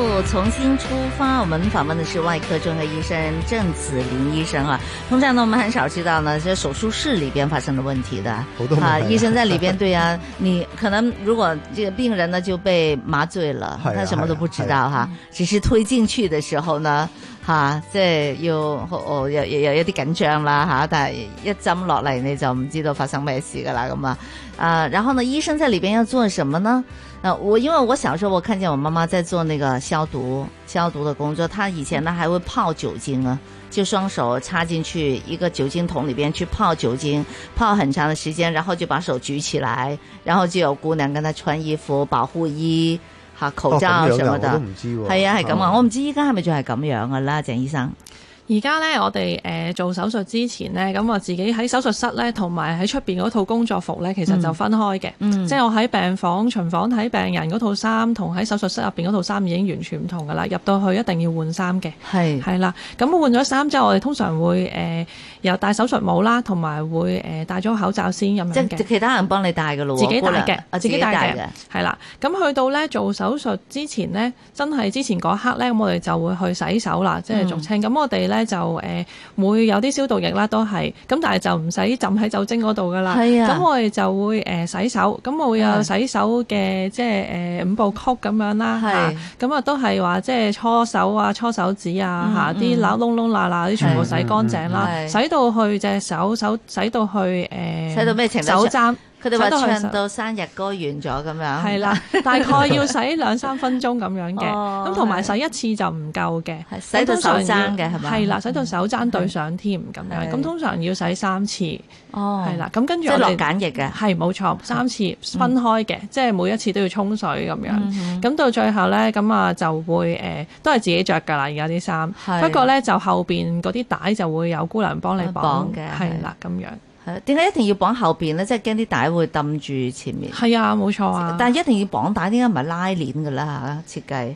哦、重新出發，我們訪問的是外科專科醫生鄭紫翎醫生啊。通常呢，我們很少知道呢，這手術室裏邊發生的問題的。好多，啊，醫生在裏邊， 對啊，你可能如果這個病人呢就被麻醉了， 他什麼都不知道哈、啊。 只是推進去的時候呢，吓、啊，這要、哦哦、有有有有，有，有，有，有點緊張啦哈，但係一針落來你就唔知，知道發生咩事噶啦咁啊。啊，然後呢？醫生在裏邊要做什麼呢？呃、啊、我因為我小時候我看見我媽媽在做那個消毒消毒的工作，她以前呢還會泡酒精啊，就雙手插進去一個酒精桶裏邊去泡酒精，泡很長的時間，然後就把手舉起來，然後就有姑娘跟她穿衣服、保護衣、啊、口罩什麼的。啊、麼我都唔知。係啊，係咁啊，啊，啊，我唔知依家係咪仲係咁樣噶、啊、啦，鄭醫生。而家咧，我哋誒做手術之前咧，咁我自己喺手術室咧，同埋喺出邊嗰套工作服咧，其實就分開嘅。嗯、即係我喺病房巡房睇病人嗰套衫，同喺手術室入邊嗰套衫已經完全唔同噶啦。入到去一定要換衫嘅。係是。係啦。咁換咗衫之後，我哋通常會誒，又、呃、戴手術帽啦，同埋會誒戴咗口罩先咁樣嘅。即係其他人幫你戴嘅咯。自己戴嘅。自己戴嘅。係啦。咁去到咧做手術之前咧，真係之前嗰刻咧，咁我哋就會去洗手啦，即係俗清。咁我哋咧。就誒、呃、會有啲消毒液啦，都係咁，但係就唔使浸喺酒精嗰度噶啦。係啊，咁我哋就會誒、呃、洗手，咁我會有洗手嘅即係誒五部曲咁樣啦。係是，咁啊都係話即係搓手啊，搓手指啊，嚇啲撈窿窿罅罅啲全部洗乾淨啦，嗯嗯嗯、洗到去隻手手洗到去誒，洗到咩程度？呃佢哋話唱到生日歌完咗咁樣，係啦，大概要洗兩三分鐘咁樣嘅，咁同埋洗一次就唔夠嘅，洗到手踭嘅係咪？係啦，洗到手踭對上添咁樣，咁通常要洗三次，係啦，咁跟住即落梘液嘅，係冇錯，三次分開嘅，即係每一次都要沖水咁樣，咁到最後咧，咁啊就會誒都係自己着㗎啦，而家啲衫，不過咧就後邊嗰啲帶就會有姑娘幫你綁嘅，係啦咁樣。點解一定要綁後邊咧？即係驚啲帶會冧住前面。係啊，冇錯啊！但係一定要綁帶，點解唔係拉鏈嘅啦？嚇設計，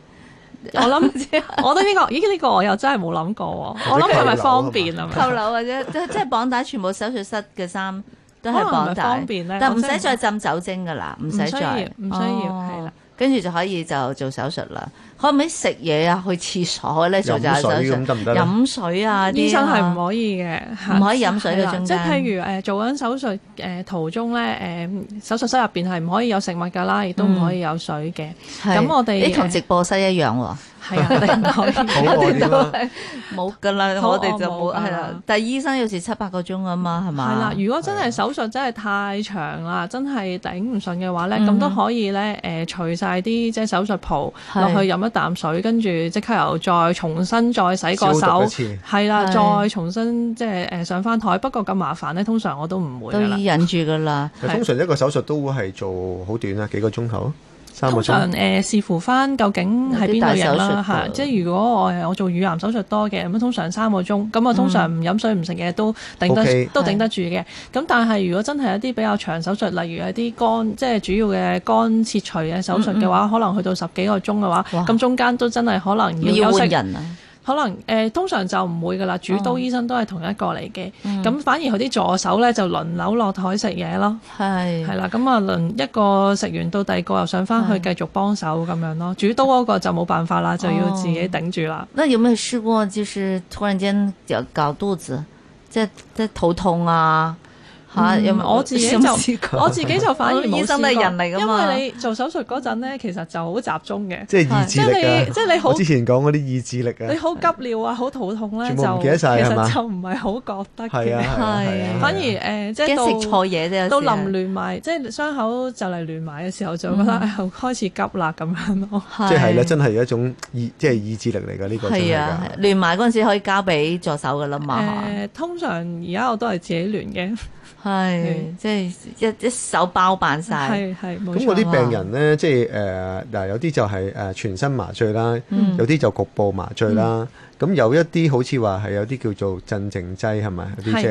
我諗唔知。 我覺得呢個，咦？呢個我又真係冇諗過。 我諗佢咪方便啊？扣樓或者即係綁帶全部手術室嘅衫都係綁帶。方便咧，但唔使再浸酒精嘅啦，唔使再。唔需要，係啦。哦、的跟住就可以就做手術啦。可唔可以食嘢啊？去廁所咧就就得唔得飲水啊！醫生係唔可以嘅，唔可以飲水嘅中間。即係譬如誒做緊手術誒途中咧誒，手術室入邊係唔可以有食物㗎啦，亦都唔可以有水嘅。咁我哋你同直播室一樣喎，係啊，我哋就冇㗎啦，我哋就冇係啦。但係醫生有時七八個鐘㗎嘛，係嘛？係啦，如果真係手術真係太長啦，真係頂唔順嘅話咧，咁都可以咧誒，除曬啲即係手術袍落去飲一。啖水，跟住即刻又再重新再洗個手，係啦，了的再重新即係誒上翻台。的不過咁麻煩呢，通常我都唔會，都忍住噶啦。的通常一個手術都會係做好短啊，幾個鐘頭。通常誒、呃、視乎翻究竟係邊類型啦嚇，即係如果我我做乳癌手術多嘅，咁，通常三個鐘咁啊，嗯、通常唔飲水唔食嘢都頂得 Okay. 都頂得住嘅。咁的但係如果真係一啲比較長手術，例如係啲肝即係主要嘅肝切除嘅手術嘅話，嗯嗯可能去到十幾個鐘嘅話，咁哇中間都真係可能要休息要人啊。可能誒、呃、通常就唔會噶啦，主刀醫生都係同一個嚟嘅，咁、嗯、反而佢啲助手咧就輪流落台食嘢咯，係係啦，咁啊輪一個食完到第二個又上翻去繼續幫手咁、哎、樣咯，主刀嗰個就冇辦法啦，就要自己頂住啦、哦。那有冇試過就是突然間搞肚子，即係即係肚痛啊？嚇！因為我自己就我自己就反而冇，因為你做手術嗰陣咧，其實就好集中嘅。即係意即係你，好之前講嗰啲意志力啊。你好急尿啊，好肚痛咧，就其實就唔係好覺得嘅。係啊，係啊。反而誒，即係食錯嘢啫，到臨亂埋，即係傷口就嚟亂埋嘅時候，就覺得又開始急啦咁樣咯。即係咧，真係有一種意，即係意志力嚟㗎呢個。係啊，亂埋嗰陣時可以交俾助手㗎啦嘛。誒，通常而家我都係自己亂嘅。係，是是即係一是一手包辦晒。係，係冇錯，咁我啲病人咧，即係誒，嗱、呃、有啲就係誒全身麻醉啦，嗯、有啲就局部麻醉啦。咁、嗯、有一啲好似話係有啲叫做鎮靜劑，係咪？有啲即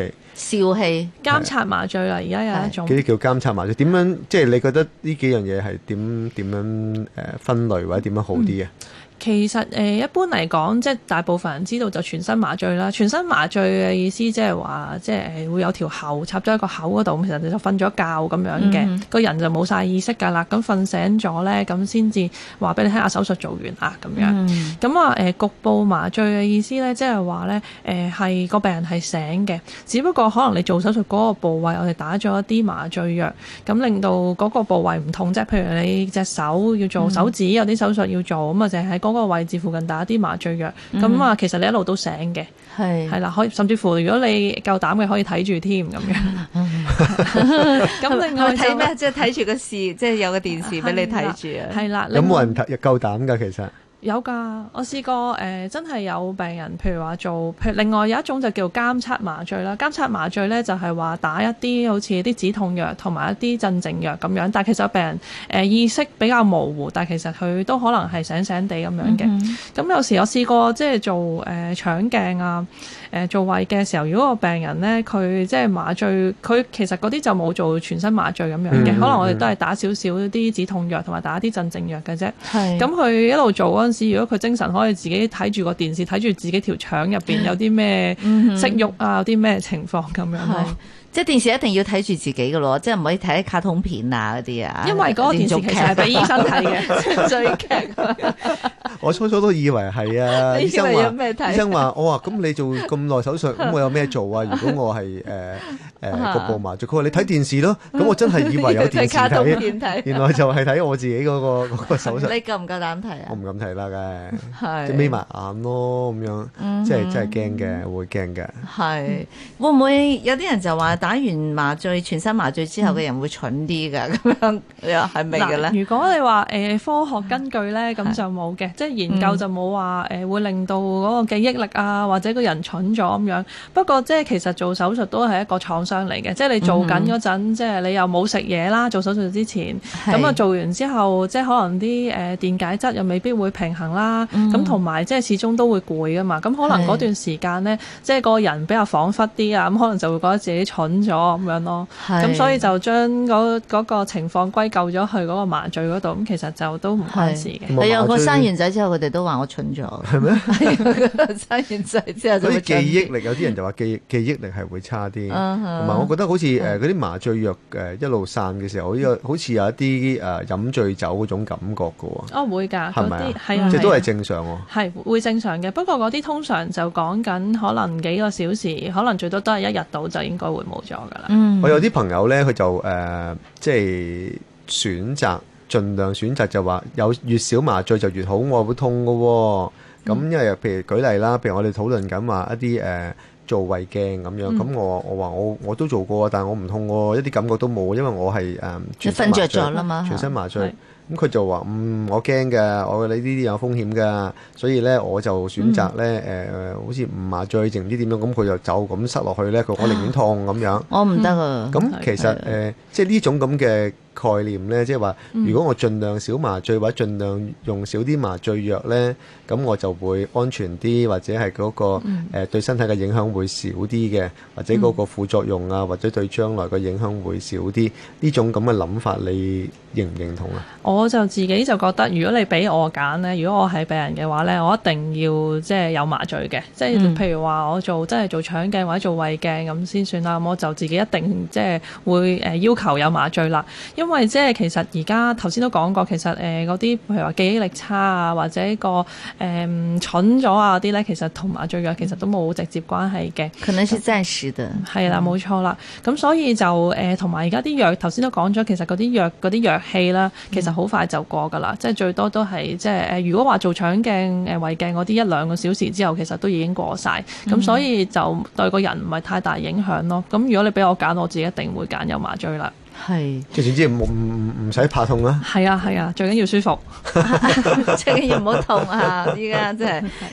係笑氣是監察麻醉啊，而家有一種。嗰啲是叫監察麻醉，點樣？嗯、即係你覺得呢幾樣嘢係點點樣誒分類，或者點樣好啲啊？嗯其實誒、呃、一般嚟講，即係大部分人知道就全身麻醉啦。全身麻醉嘅意思即係話，即係會有條喉插咗喺個口嗰度，其實你就瞓咗覺咁樣嘅，mm hmm. 個人就冇晒意識㗎啦。咁瞓醒咗咧，咁先至話俾你聽下，手術做完啦咁樣,、mm hmm. 樣。咁啊誒局部麻醉嘅意思咧，即係話咧誒係個病人係醒嘅，只不過可能你做手術嗰個部位，我哋打咗一啲麻醉藥，咁令到嗰個部位唔痛啫。譬如你隻手要做手指有啲手術要做，咁啊淨係喺嗰個位置附近打啲麻醉藥，咁、嗯、啊，其實你一路都醒嘅，係係啦，可以甚至乎如果你夠膽嘅，可以睇住添咁樣。咁 另外睇咩？即係睇住個視，即、就、係、是、有個電視俾你睇住啊。係啦，有冇人夠膽㗎其實？有㗎，我試過誒、呃，真係有病人，譬如話做，譬如另外有一種就叫監測麻醉啦。監測麻醉咧就係、是、話打一啲好似啲止痛藥同埋一啲鎮靜藥咁樣，但係其實病人誒、呃、意識比較模糊，但係其實佢都可能係醒醒地咁樣嘅。咁、嗯嗯、有時我試過即係、就是、做誒、呃、腸鏡啊、誒做胃嘅時候，如果個病人咧佢即係麻醉，佢其實嗰啲就冇做全身麻醉咁樣嘅，嗯嗯，可能我哋都係打少少啲止痛藥同埋打啲鎮靜藥嘅啫。係咁佢一路做啊。嗯如果佢精神可以自己睇住個電視，睇住自己條腸入邊有啲咩息肉啊，有啲咩情況咁樣。 即係電視一定要睇住自己嘅咯，即係唔可以睇卡通片啊嗰啲啊。因為嗰個電視劇係俾醫生睇嘅追劇。我初初都以為係啊，醫生話咩睇？醫生話我話咁你做咁耐手術，咁我有咩做啊？如果我係誒誒局部麻醉，佢話你睇電視咯。咁我真係以為有電視睇，原來就係睇我自己嗰個個手術。你夠唔夠膽睇啊？我唔敢睇啦嘅，係眯埋眼咯，咁樣，即係真係驚嘅，會驚嘅。係會唔會有啲人就話？打完麻醉全身麻醉之後嘅人會蠢啲㗎，咁 樣，又係咪嘅咧？如果你話誒、呃、科學根據咧，咁就冇嘅，是 即係研究就冇話誒會令到嗰個記憶力啊，或者個人蠢咗咁樣。不過即係其實做手術都係一個創傷嚟嘅，即係你做緊嗰陣，嗯、即係你又冇食嘢啦，做手術之前，咁啊是 做完之後即係可能啲誒電解質又未必會平衡啦，咁同埋即係始終都會攰㗎嘛。咁可能嗰段時間咧，即係個人比較恍惚啲啊，咁可能就會覺得自己蠢。咗咁樣咯，咁、嗯、所以就將嗰個情況歸咎咗去嗰個麻醉嗰度，咁其實就都唔關事嘅。你有個生完仔之後，佢哋都話我蠢咗，係咩？生完仔之後，嗰啲記憶力有啲人就話記記憶力係會差啲，同埋我覺得好似誒嗰啲麻醉藥誒一路散嘅時候，好似好似有一啲誒飲醉酒嗰種感覺㗎喎。哦，會㗎，係咪啊？嗯、係係啊，即係都係正常喎。係會正常嘅，不過嗰啲通常就講緊可能幾個小時，可能最多都係一日到就應該會冇。咗噶啦，嗯、我有啲朋友咧，佢就誒、呃，即係選擇盡量選擇就話有越少麻醉就越好，我會痛噶、哦，咁因為譬如舉例啦，譬如我哋討論緊話一啲誒做胃鏡咁樣，咁、嗯、我我話我我都做過，但係我唔痛，一啲感覺都冇，因為我係誒全身麻醉。你瞓着咗啦嘛？全身麻醉。咁佢就話嗯，我驚嘅，我嘅呢啲有風險噶，所以咧我就選擇咧，誒、嗯呃，好似唔麻醉定唔知點樣，咁佢就走咁塞落去咧，佢我寧願痛咁、啊、樣。我唔得啊。咁其實誒、呃，即係呢種咁嘅概念咧，即係話，如果我儘量少麻醉或者儘量用少啲麻醉藥咧，咁我就會安全啲，或者係嗰、那個誒、呃、對身體嘅影響會少啲嘅，或者嗰個副作用啊，或者對將來嘅影響會少啲，呢種咁嘅諗法，你認唔認同啊？我就自己就覺得，如果你俾我揀咧，如果我係病人嘅話咧，我一定要即係有麻醉嘅，即係譬如話我做真係做腸鏡或者做胃鏡咁先算啦，咁我就自己一定即係會誒要求有麻醉啦。因為即係其實而家頭先都講過，其實誒嗰啲譬如話記憶力差啊，或者個誒、呃、蠢咗啊啲咧，其實同麻醉藥其實都冇直接關係嘅，可能是暫時嘅，係啦、嗯，冇錯啦。咁所以就誒同埋而家啲藥頭先都講咗，其實嗰啲藥嗰啲藥氣啦，其實好快就過㗎啦。即係、嗯、最多都係即係誒，如果話做腸鏡誒胃鏡嗰啲一兩個小時之後，其實都已經過晒。咁、嗯，所以就對個人唔係太大影響咯。咁如果你俾我揀，我自己一定會揀有麻醉啦。係即係，唔唔使怕痛啦、啊。係啊係啊，最緊要舒服， 最緊要唔好痛啊。依家真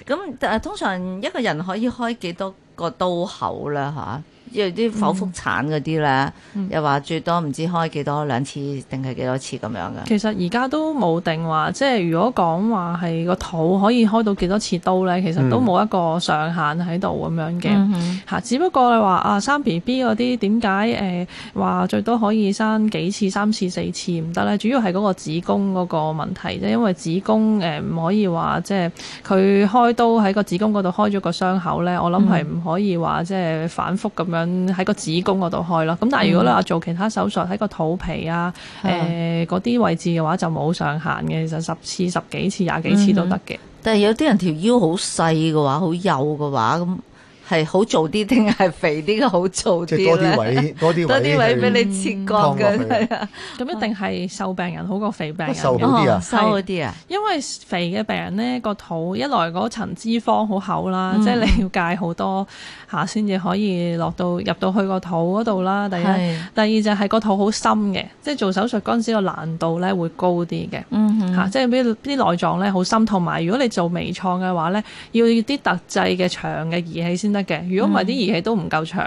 係咁， 通常一個人可以開幾多個刀口啦吓。因為啲剖腹產嗰啲咧，嗯、又話最多唔知開幾多兩次定係幾多次咁樣嘅。其實而家都冇定話，即係如果講話係個肚可以開到幾多次刀咧，其實都冇一個上限喺度咁樣嘅。吓、嗯、哼只不過你話啊生 B B 嗰啲，點解誒話最多可以生幾次，三次，四次唔得咧？主要係嗰個子宮嗰個問題，啫因為子宮誒唔可以話即係佢開刀喺個子宮嗰度開咗個傷口咧，我諗係唔可以話即係反覆咁樣。喺個子宮嗰度開咯，咁但係如果你話做其他手術喺個肚皮啊，誒嗰啲位置嘅話就冇上限嘅，其實十次、十幾次、廿幾次都得嘅。嗯。但係有啲人條腰好細嘅話，好幼嘅話咁。係好做啲定係肥啲嘅好做啲咧？多啲位， 多啲位俾你切割嘅，咁一定係瘦病人好過肥病人。瘦啲啊！瘦啲啊！因為肥嘅病人咧，個肚一來嗰層脂肪好厚啦，嗯、即係你要戒好多下先至可以落到入到去個肚嗰度啦。第一，是第二就係個肚好深嘅，即係做手術嗰陣時個難度咧會高啲嘅。嗯、嗯、啊、即係啲啲內臟咧好深，同埋如果你做微創嘅話咧，要啲特製嘅長嘅儀器先嘅，如果唔係啲儀器都唔夠長，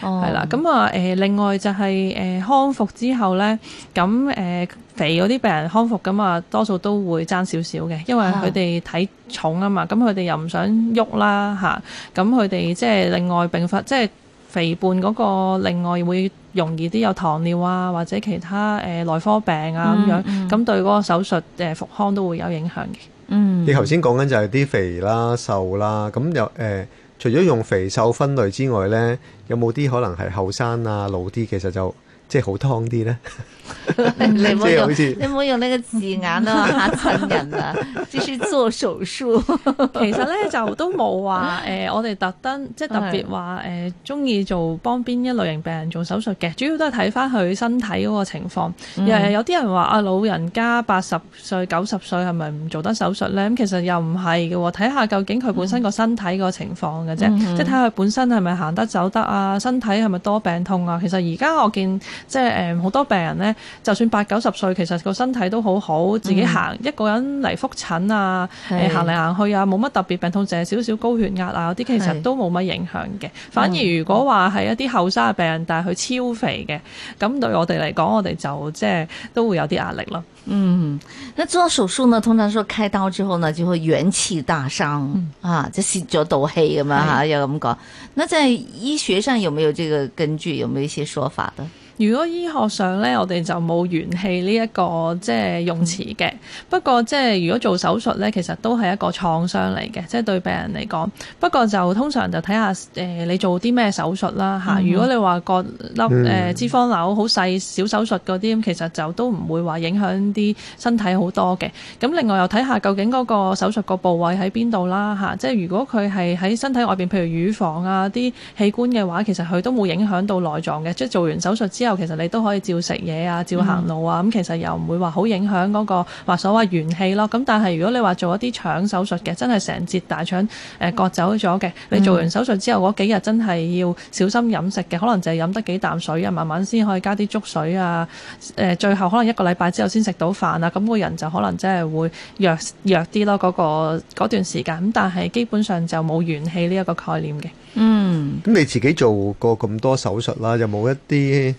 係、嗯、啦，咁、嗯、啊，誒、嗯嗯，另外就係、是、誒、呃、康復之後咧，咁、呃、誒肥嗰啲病人康復咁啊，多數都會爭少少嘅，因為佢哋體重啊嘛，咁佢哋又唔想喐啦吓，咁佢哋即係另外併發，即、就、係、是、肥胖嗰個另外會容易啲有糖尿啊，或者其他誒內、呃、科病啊咁、嗯嗯、樣，咁對嗰個手術誒復康都會有影響嘅、嗯嗯。嗯，你頭先講緊就係啲肥啦、瘦、嗯、啦，咁又誒。除咗用肥瘦分類之外呢，有冇啲可能係後生啊老啲，其實就即係好劏啲呢？ 你唔好用， 你唔好用呢個字眼啊吓親人啊，即係做手術 ，其實咧就都冇話誒，我哋特登即係特別話誒，中、呃、意做幫邊一類型病人做手術嘅，主要都係睇翻佢身體嗰個情況。又有啲人話啊，老人家八十歲、九十歲係咪唔做得手術咧？咁其實又唔係嘅，睇下究竟佢本身個身體個情況嘅啫，嗯、即係睇下佢本身係咪行得走得啊，身體係咪多病痛啊？其實而家我見即係誒，好、呃、多病人咧。就算八九十歲，其實個身體都好好，自己行一個人嚟復診啊，行嚟行去啊，冇乜特別病痛，淨係少少高血壓啊，嗰啲其實都冇乜影響嘅。嗯、反而如果話係一啲後生嘅病人，但係佢超肥嘅，咁對我哋嚟講，我哋就即係都會有啲壓力咯。嗯，那做手術呢，通常說開刀之後呢，就會元氣大傷、嗯、啊，即係蝕咗道氣咁樣吓，又咁講。那在醫學上有沒有這個根據？有冇一些說法呢？如果醫學上咧，我哋就冇元氣呢、這、一個即係用詞嘅。不過即係如果做手術咧，其實都係一個創傷嚟嘅，即係對病人嚟講。不過就通常就睇下誒、呃、你做啲咩手術啦嚇。Mm hmm. 如果你話個粒誒、呃、脂肪瘤好細小手術嗰啲咁，其實就都唔會話影響啲身體好多嘅。咁另外又睇下究竟嗰個手術個部位喺邊度啦嚇、啊。即係如果佢係喺身體外邊，譬如乳房啊啲器官嘅話，其實佢都冇影響到內臟嘅。即係做完手術之之後其實你都可以照食嘢啊，照行路啊，咁其實又唔會話好影響嗰個話所謂元氣咯。咁但係如果你話做一啲腸手術嘅，真係成節大腸誒割走咗嘅，你做完手術之後嗰幾日真係要小心飲食嘅，可能淨係飲得幾啖水啊，慢慢先可以加啲粥水啊。誒，最後可能一個禮拜之後先食到飯啊，咁個人就可能真係會弱弱啲咯，嗰個嗰段時間。咁但係基本上就冇元氣呢一個概念嘅。嗯，咁你自己做過咁多手術啦，有冇一啲？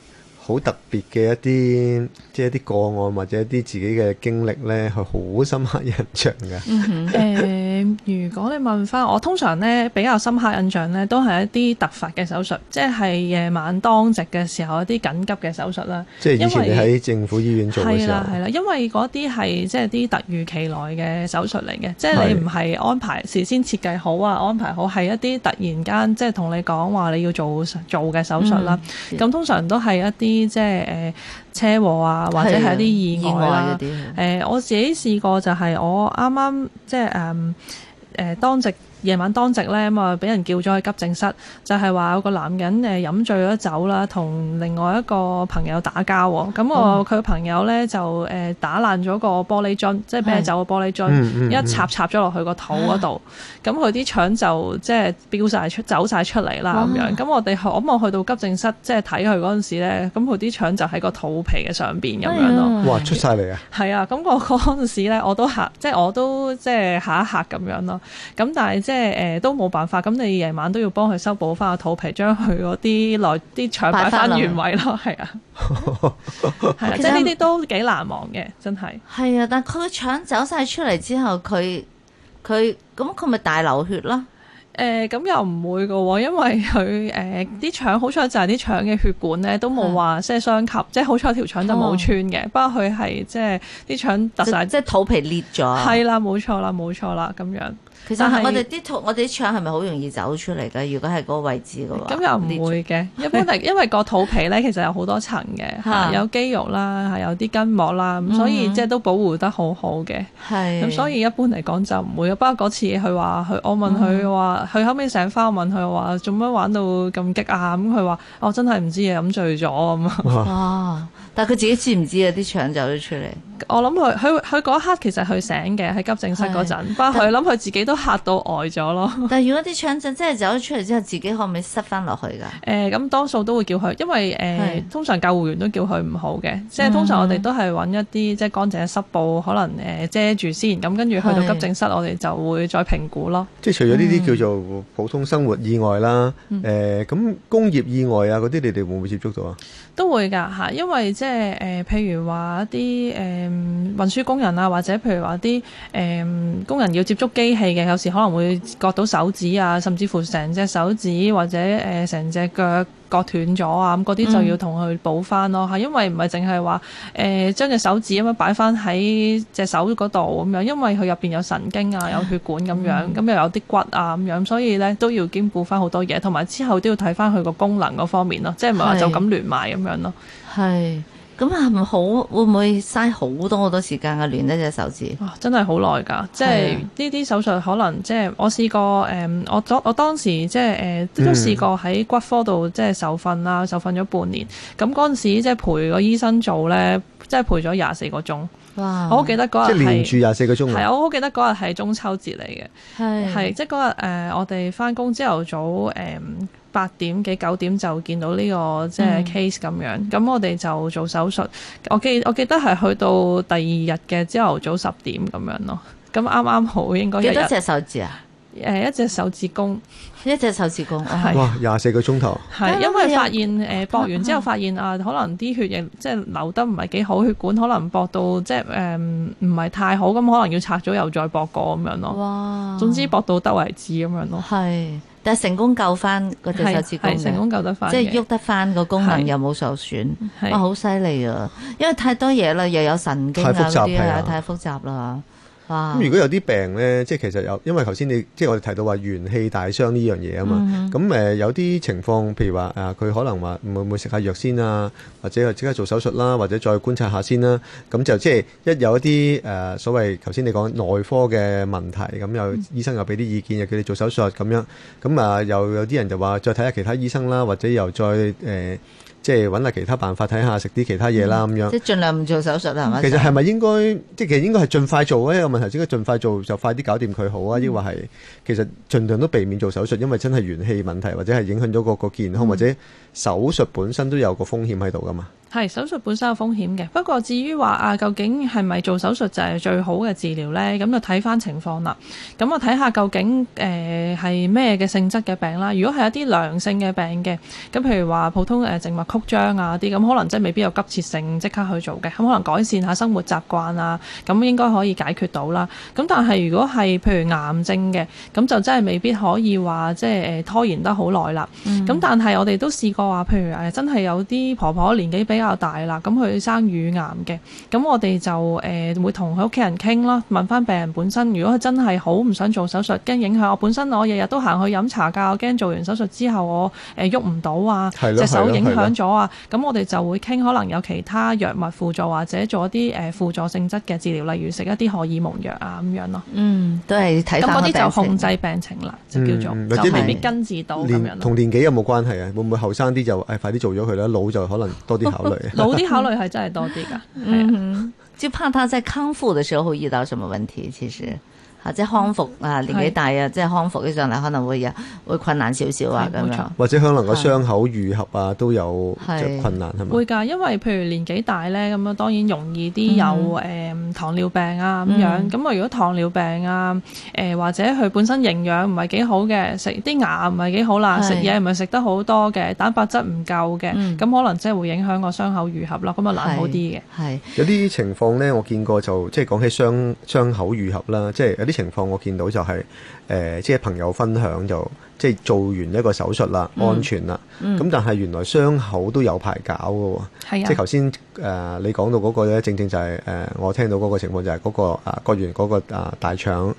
好特別嘅一啲，即係一啲個案或者一啲自己嘅經歷咧，係好深刻印象嘅。誒、 嗯呃，如果你問翻我，通常咧比較深刻印象咧，都係一啲突發嘅手術，即係夜晚當值嘅時候一啲緊急嘅手術啦。即係以前你喺政府醫院做嘅時候。係啦係啦，因為嗰啲係即係啲突如其來嘅手術嚟嘅，即係你唔係安排事先設計好啊，安排好係一啲突然間即係同你講話你要做做嘅手術啦。咁、嗯、通常都係一啲。啲即係誒、呃、車禍啊，或者係啲意外啊，嗰啲，誒、呃、我自己試過就剛剛，就係我啱啱即係誒誒當值。夜晚當值咧咁啊，俾人叫咗去急症室，就係話有個男人誒飲醉咗酒啦，同另外一個朋友打交喎。咁我佢朋友咧就誒打爛咗個玻璃樽，即係啤酒嘅玻璃樽，一插插咗落去個肚嗰度，咁佢啲腸就即係飆晒出走晒出嚟啦咁樣。咁我哋我去到急症室即係睇佢嗰陣時咧，咁佢啲腸就喺個肚皮嘅上邊咁樣咯。哇！出晒嚟啊！係啊，咁我嗰陣時咧我都嚇，即係我都即係嚇一嚇咁樣咯。咁但係即即係誒，都冇辦法。咁你夜晚都要幫佢修補翻個肚皮，將佢嗰啲內啲腸擺翻原位咯。係啊，即係呢啲都幾難忘嘅，真係。係啊，但係佢個腸走晒出嚟之後，佢佢咁佢咪大流血咯？誒、呃，咁又唔會嘅，因為佢誒啲腸好彩就係啲腸嘅血管咧都冇話即係傷及，的即係好彩條腸就冇穿嘅。不過佢係即係啲腸突晒，即係肚皮裂咗。係啦，冇錯啦，冇錯啦，咁樣。其實係我哋啲肚，我哋啲腸係咪好容易走出嚟嘅？如果係嗰個位置嘅話，咁又唔會嘅。 一般嚟，因為個肚皮咧，其實有好多層嘅、 啊，有肌肉啦，係有啲筋膜啦，咁、嗯嗯、所以即係都保護得好好嘅。係咁、嗯嗯啊，所以一般嚟講就唔會。不過嗰次佢話，佢我問佢話，佢、嗯嗯、後尾醒翻我問佢話，做乜玩到咁激啊？咁佢話：我、哦、真係唔知飲醉咗咁。哇！ 但係佢自己知唔知啊？啲腸走咗出嚟。我諗佢佢佢嗰刻其實佢醒嘅，喺急症室嗰陣，的但係佢諗佢自己都吓到呆咗咯。但係如果啲腸臟真係走咗出嚟之後，自己可唔可以塞翻落去噶？誒、呃，咁多數都會叫佢，因為誒、呃、是的 通常救護員都叫佢唔好嘅，即係通常我哋都係揾一啲即係乾淨嘅濕布，可能誒、呃、遮住先，咁跟住去到急症室，的我哋就會再評估咯。即係除咗呢啲叫做普通生活意外啦，誒咁、嗯嗯呃、工業意外啊嗰啲，你哋會唔會接觸到啊？都會㗎嚇，因為即係誒，譬如話一啲誒運輸工人啊，或者譬如話啲誒工人要接觸機器嘅，有時可能會割到手指啊，甚至乎成隻手指或者誒成隻腳。呃割斷咗啊！咁嗰啲就要同佢補翻咯嚇，因為唔係淨係話誒將隻手指咁樣擺翻喺隻手嗰度咁樣，因為佢入邊有神經啊、有血管咁樣，咁、嗯、又有啲骨啊咁樣，所以咧都要兼顧翻好多嘢，同埋之後都要睇翻佢個功能嗰方面咯，即係唔係話就咁亂埋咁樣咯？係。咁啊，唔好、嗯，會唔會嘥好多好多時間啊？連呢隻手指、啊，哇，真係好耐㗎！即係呢啲手術，可能即係我試過誒、嗯，我當我當時即係誒都試過喺骨科度即係受訓啦，受訓咗半年。咁嗰陣時即係陪個醫生做咧，即係陪咗廿四個鐘。哇！我好記得嗰日即係連住廿四個鐘。係，我好記得嗰日係中秋節嚟嘅，係係是即係嗰日誒，我哋翻工之後早誒。嗯八點幾九點就見到呢個即係 case 咁樣，咁、嗯、我哋就做手術。我記我記得係去到第二日嘅朝頭早十點咁樣咯。咁啱啱好應該幾多隻手指啊？誒、呃，一隻手指公，一隻手指公，係、啊。是哇！廿四個鐘頭。係然因為發現誒搏、啊、完之後發現啊，啊可能啲血液即係流得唔係幾好，血管可能搏到即係誒唔係太好，咁可能要拆咗又再搏過咁樣咯。哇！總之搏到得，得為止咁樣咯。係。但係成功救翻個隻手指功能，成功救得翻，即係喐得翻個功能又冇受損，哇！好犀利啊！因為太多嘢啦，又有神經啊嗰啲啊，太複雜啦。咁哇如果有啲病咧，即係其實有，因為頭先你即係我哋提到話元氣大傷呢樣嘢啊嘛，咁誒、嗯哼呃、有啲情況，譬如話誒佢可能話會唔會食下藥先啊，或者係即刻做手術啦，或者再觀察下先啦，咁就即係一有一啲誒所謂頭先你講內科嘅問題，咁、呃、又醫生又俾啲意見，又叫你做手術咁樣，咁、呃、啊又有啲人就話再睇下其他醫生啦，或者又再誒。呃即係揾下其他辦法睇下，食啲其他嘢啦咁樣。即係盡量唔做手術係咪？嗯、其實係咪應該，嗯、即係其實應該係盡快做吖？呢個問題應該盡快做，就快啲搞掂佢好啊！抑或係其實盡量都避免做手術，因為真係元氣問題，或者係影響咗個個健康，嗯、或者手術本身都有個風險喺度噶嘛。係手術本身有風險嘅，不過至於話啊，究竟係咪做手術就係最好嘅治療呢？咁就睇翻情況啦。咁我睇下究竟誒係咩嘅性質嘅病啦。如果係一啲良性嘅病嘅，咁譬如話普通誒靜脈曲張啊啲，咁可能真係未必有急切性即刻去做嘅。咁可能改善下生活習慣啊，咁應該可以解決到啦。咁但係如果係譬如癌症嘅，咁就真係未必可以話即係拖延得好耐啦。咁、mm hmm. 但係我哋都試過話，譬如誒真係有啲婆婆年紀比較， 較大啦，咁佢生乳癌嘅，咁我哋就誒、呃、會同佢屋企人傾咯，問翻病人本身，如果佢真係好唔想做手術，驚影響我本身我，我日日都行去飲茶㗎我，驚做完手術之後我誒喐唔到啊，隻的手影響咗啊，咁我哋就會傾，可能有其他藥物輔助或者做一啲誒輔助性質嘅治療，例如食一啲荷爾蒙藥啊咁樣咯。嗯，都係睇、嗯。咁嗰啲就控制病情啦，嗯、就叫做、嗯、就未必根治到的的，年同年紀有冇關係啊？會唔會後生啲就快啲做咗佢啦，老就可能多啲考慮。 老啲考慮係真係多啲㗎、 嗯，就怕他在康復的時候遇到什麼問題，其實。啊！即係康復啊，年紀大啊，即係康復起上嚟可能會有會困難少少啊咁樣，或者可能個傷口愈合啊都有困難係咪？會㗎，因為譬如年紀大咧咁啊，當然容易啲有誒糖尿病啊咁樣。咁啊，如果糖尿病啊誒，或者佢本身營養唔係幾好嘅，食啲牙唔係幾好啦，食嘢唔係食得好多嘅，蛋白質唔夠嘅，咁可能即係會影響個傷口愈合啦。咁啊難好啲嘅。係有啲情況咧，我見過就即係講起傷傷口愈合啦，即係情況我見到就係、是、誒、即、呃、係、就是、朋友分享就即係、就是、做完一個手術啦，安全啦。咁、嗯嗯、但係原來傷口都有排攪嘅喎。啊、即係頭先誒你講到嗰個咧，正正就係、是、誒、呃、我聽到嗰個情況就係嗰、那個割、呃、完嗰個啊大腸，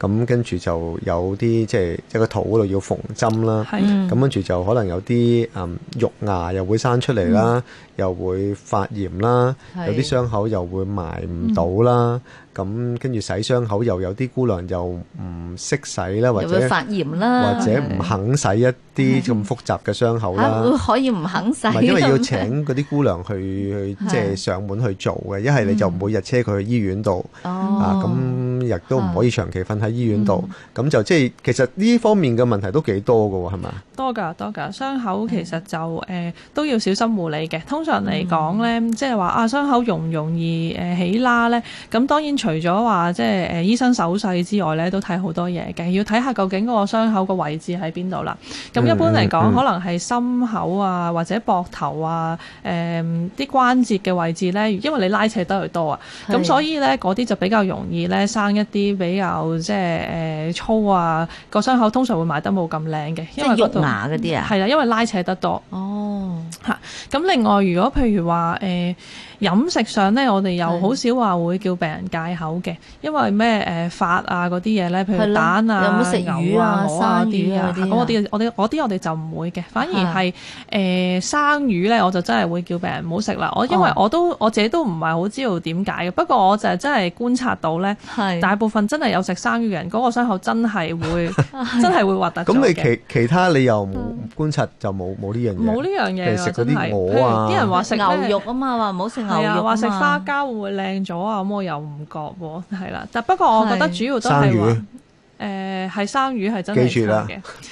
咁跟住就有啲即係一個肚嗰度要縫針啦，咁跟住就可能有啲啊、嗯、肉芽又會生出嚟啦，嗯、又會發炎啦，是有啲傷口又會埋唔到啦。嗯咁跟住洗傷口，又有啲姑娘又唔識洗啦，或者發炎啦，或者唔肯洗一啲咁複雜嘅傷口啦、啊，可以唔肯洗。唔係因為要請嗰啲姑娘去去即係上門去做嘅，一係你就每日車佢去醫院度，嗯、啊咁。嗯哦日都唔可以長期瞓喺醫院度，咁、嗯、就即係其實呢方面嘅問題都幾多㗎喎，係嘛？多㗎，多㗎，傷口其實就誒都、嗯、要小心護理嘅。通常嚟講咧，即係話啊，傷口容唔容易誒起拉咧？咁當然除咗話即係誒醫生手勢之外咧，都睇好多嘢嘅，要睇下究竟個傷口個位置喺邊度啦。咁一般嚟講，嗯嗯嗯可能係心口啊，或者膊頭啊，誒、嗯、啲關節嘅位置咧，因為你拉扯得越多啊，咁的所以咧嗰啲就比較容易咧生。一啲比較即係誒粗啊，個、就是呃、傷口通常會買得冇咁靚嘅，因為肉芽嗰啲啊，係啦，因為拉扯得多。哦，嚇、啊！咁另外，如果譬如話誒。呃飲食上咧，我哋又好少話會叫病人戒口嘅，因為咩誒發啊嗰啲嘢咧，譬如蛋啊，有冇食魚啊、沙啲啊，嗰啲我哋啲我哋就唔會嘅，反而係誒生魚咧，我就真係會叫病人唔好食啦。我因為我都我自己都唔係好知道點解嘅，不過我就係真係觀察到咧，大部分真係有食生魚嘅人嗰個傷口真係會真係會核突。咁你其其他你又觀察就冇冇呢樣嘢？冇呢樣嘢，譬如食啲鵝啊，啲人話食牛肉啊嘛，話唔好食。係啊，話食花膠會靚咗啊，咁我又唔覺喎，係啦。但不過我覺得主要都係話，誒，係生魚係真係記住啦，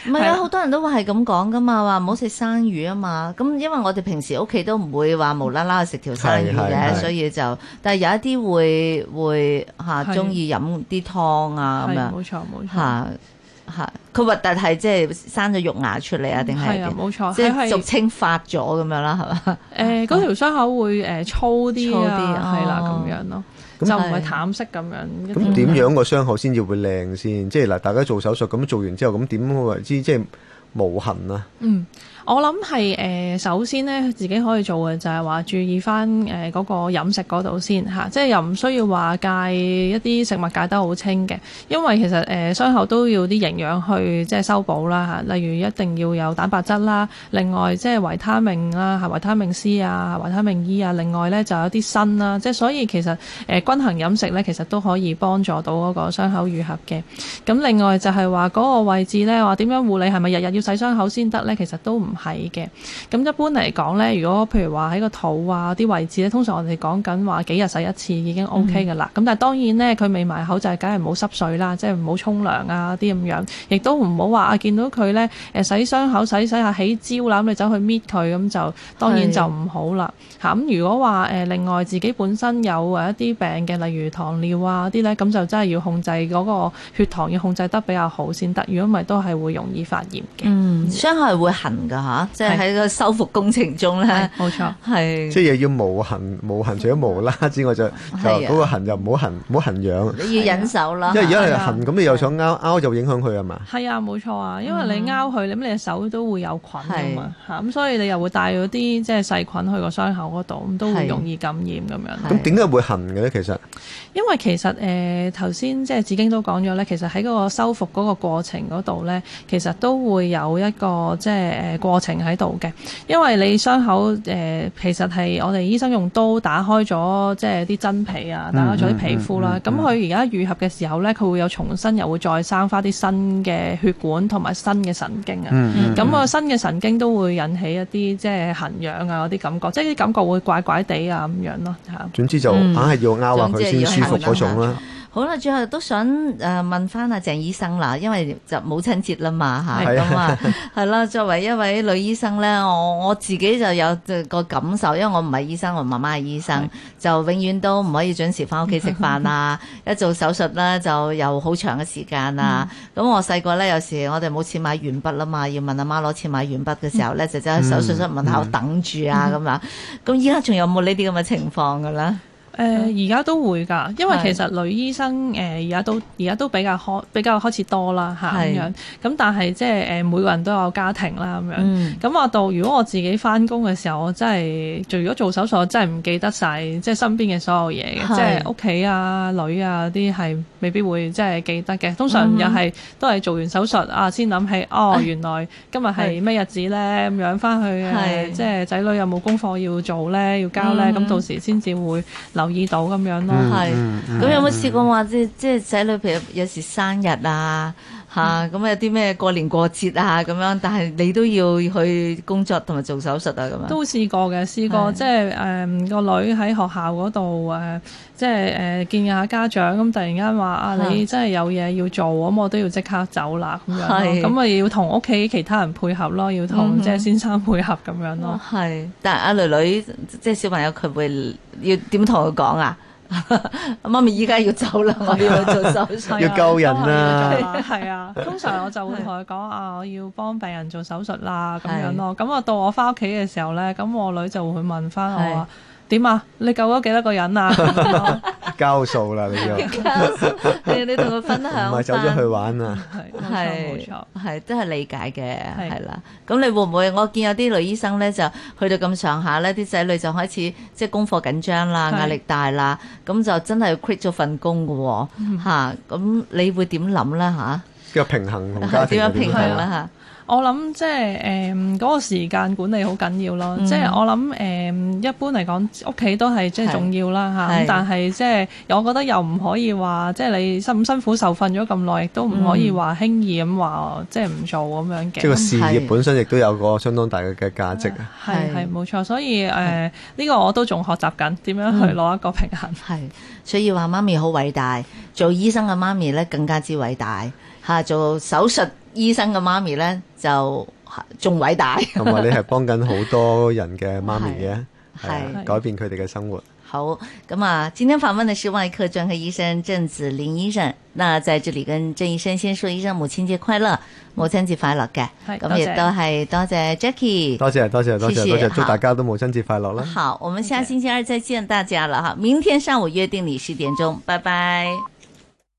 唔係有好多人都話係咁講噶嘛，話唔好食生魚啊嘛。咁因為我哋平時屋企都唔會話無啦啦食條生魚嘅，所以就，但係有一啲會會吓中意飲啲湯啊咁樣，冇錯冇錯吓。係，佢核突係即係生咗肉芽出嚟啊，定係即係俗稱發咗咁樣啦，係嘛、呃？誒、呃，嗰條傷口會誒、呃、粗啲啊，係啦、啊，咁、哦、樣咯，就唔係淡色咁樣。咁點樣個傷口先至會靚先？即係嗱，大家做手術，咁做完之後，咁點為之即係無痕啊？嗯。我諗係誒首先呢，自己可以做嘅就係話注意翻誒嗰個飲食嗰度先嚇、啊，即係又唔需要話戒一啲食物戒得好清嘅，因為其實誒傷、呃、口都要啲營養去即係修補啦嚇，例如一定要有蛋白質啦、啊，另外即係維他命啦嚇，維、啊、他命 C 啊，維他命 E 啊，另外呢就有啲鋅啦，即係所以其實誒、呃、均衡飲食呢，其實都可以幫助到嗰個傷口愈合嘅。咁、啊、另外就係話嗰個位置呢，話點樣護理係咪日日，日日要洗傷口先得呢？其實都唔。係嘅，咁一般嚟講咧，如果譬如話喺個肚啊啲位置咧，通常我哋講緊話幾日洗一次已經 OK 噶啦。咁、嗯、但係當然咧，佢未埋口就係梗係唔好濕水啦，即係唔好沖涼啊啲咁樣，亦都唔好話啊見到佢咧誒洗傷口洗洗下起焦啦，咁你走去搣佢咁就當然就唔好啦。吓咁是如果話誒另外自己本身有誒一啲病嘅，例如糖尿啊啲咧，咁就真係要控制嗰個血糖要控制得比較好先得。如果唔係都係會容易發炎嘅。嗯，傷口係會痕噶。嚇！即係喺個修復工程中咧，冇錯，係即係要無痕，無痕除咗無啦之外，就就嗰個痕就唔好痕，唔好痕癢。你要忍手啦。因為如果你痕咁，你又想拗，拗就影響佢啊嘛？係啊，冇錯啊，因為你拗佢，咁你嘅手都會有菌啊嘛。嚇！咁所以你又會帶咗啲即係細菌去個傷口嗰度，咁都會容易感染咁樣。咁點解會痕嘅咧？其實因為其實誒頭先即係紫翎都講咗咧，其實喺嗰個修復嗰個過程嗰度咧，其實都會有一個即係誒過過程喺度嘅，因為你傷口誒，其實係我哋醫生用刀打開咗，即係啲真皮啊，打開咗啲皮膚啦。咁佢而家愈合嘅時候咧，佢會有重新又會再生翻啲新嘅血管同埋新嘅神經啊。咁個新嘅神經都會引起一啲即係痕癢啊嗰啲感覺，即係啲感覺會怪怪地啊咁樣咯。總之就硬係要壓勻佢先舒服嗰種啦。好啦，最後都想誒、呃、問翻阿鄭醫生啦，因為就母親節啦嘛吓，咁是啊係啦。 作為一位女醫生咧，我我自己就有個感受，因為我唔係醫生，我媽媽係醫生，是就永遠都唔可以準時翻屋企食飯啊。 一做手術咧，就有好長嘅時間啊。咁 我細個咧，有時我哋冇錢買鉛筆啦嘛，要問阿媽攞錢買鉛筆嘅時候咧，嗯、就走係手術室門口等住啊咁啊。咁依家仲有冇呢啲咁嘅情況噶啦？誒而家都會㗎，因為其實女醫生誒而家都而家都比較開比較開始多啦嚇咁樣。咁但係即係誒每個人都有家庭啦咁樣。咁我、嗯、到如果我自己翻工嘅時候，我真係做如果做手術，真係唔記得晒，即係身邊嘅所有嘢嘅，是即係屋企啊女啊啲係未必會即係記得嘅。通常又係、嗯、都係做完手術啊先諗起哦，原來今日係咩日子咧咁樣。翻去是即係仔女有冇功課要做咧要交咧，咁、嗯、到時先至會留。留意到咁樣咯，係咁有冇試過話？即即係仔女，譬如有時生日啊？吓咁、啊、有啲咩過年過節啊咁樣，但係你都要去工作同埋做手術啊咁啊，樣都試過嘅，試過係即係誒個女喺學校嗰度誒，即係誒、呃、見下家長，咁突然間話啊你真係有嘢要做，咁我都要即刻走啦咁樣。係咁啊，要同屋企其他人配合咯，要同即係先生配合咁、嗯嗯、樣咯。係，但阿女女即係小朋友，佢會，會要點同佢講啊？媽咪依家要走啦，我要去做手術， 要救人啦、啊。係 啊，通常我就會同佢講啊，我要幫病人做手術啦，咁樣咯。咁我是到我翻屋企嘅時候咧，咁我女就會問翻我話，點啊？你救咗幾多個人啊？ 交數啦，你又交數，你同佢分享。唔係走咗去玩啊？係冇錯，係都係理解嘅，係啦是。咁你會唔會？我見有啲女醫生咧，就去到咁上下咧，啲仔女就開始即係功課緊張啦，壓力大啦，咁是就真係 quit 咗份工噶喎。吓，咁 你會點諗咧？吓，要平衡同點樣平衡咧？吓？我諗即係誒嗰個時間管理好緊要咯、嗯呃，即係我諗誒一般嚟講屋企都係即係重要啦嚇，但係即係我覺得又唔可以話即係你辛辛苦受訓咗咁耐，亦都唔可以話輕易咁話即係唔做咁樣嘅。即係個事業本身亦都有個相當大嘅價值啊！係係冇錯，所以誒呢、呃呢個我都仲學習緊點樣去攞一個平衡。係所以話媽咪好偉大，做醫生嘅媽咪咧更加之偉大。吓，做手術醫生嘅媽咪咧就仲偉大，同埋你係幫緊好多人嘅媽咪嘅，係改變佢哋嘅生活。好，咁啊！今天訪問嘅是外科專科醫生鄭紫翎醫生，那在這裏跟鄭醫生先說一聲母親節快樂，母親節快樂嘅，咁亦都係多謝 Jacky，多謝多謝多謝多謝，祝大家都母親節快樂啦！好，我們下星期二再見大家啦！哈，明天上午約定你十點鐘，拜拜。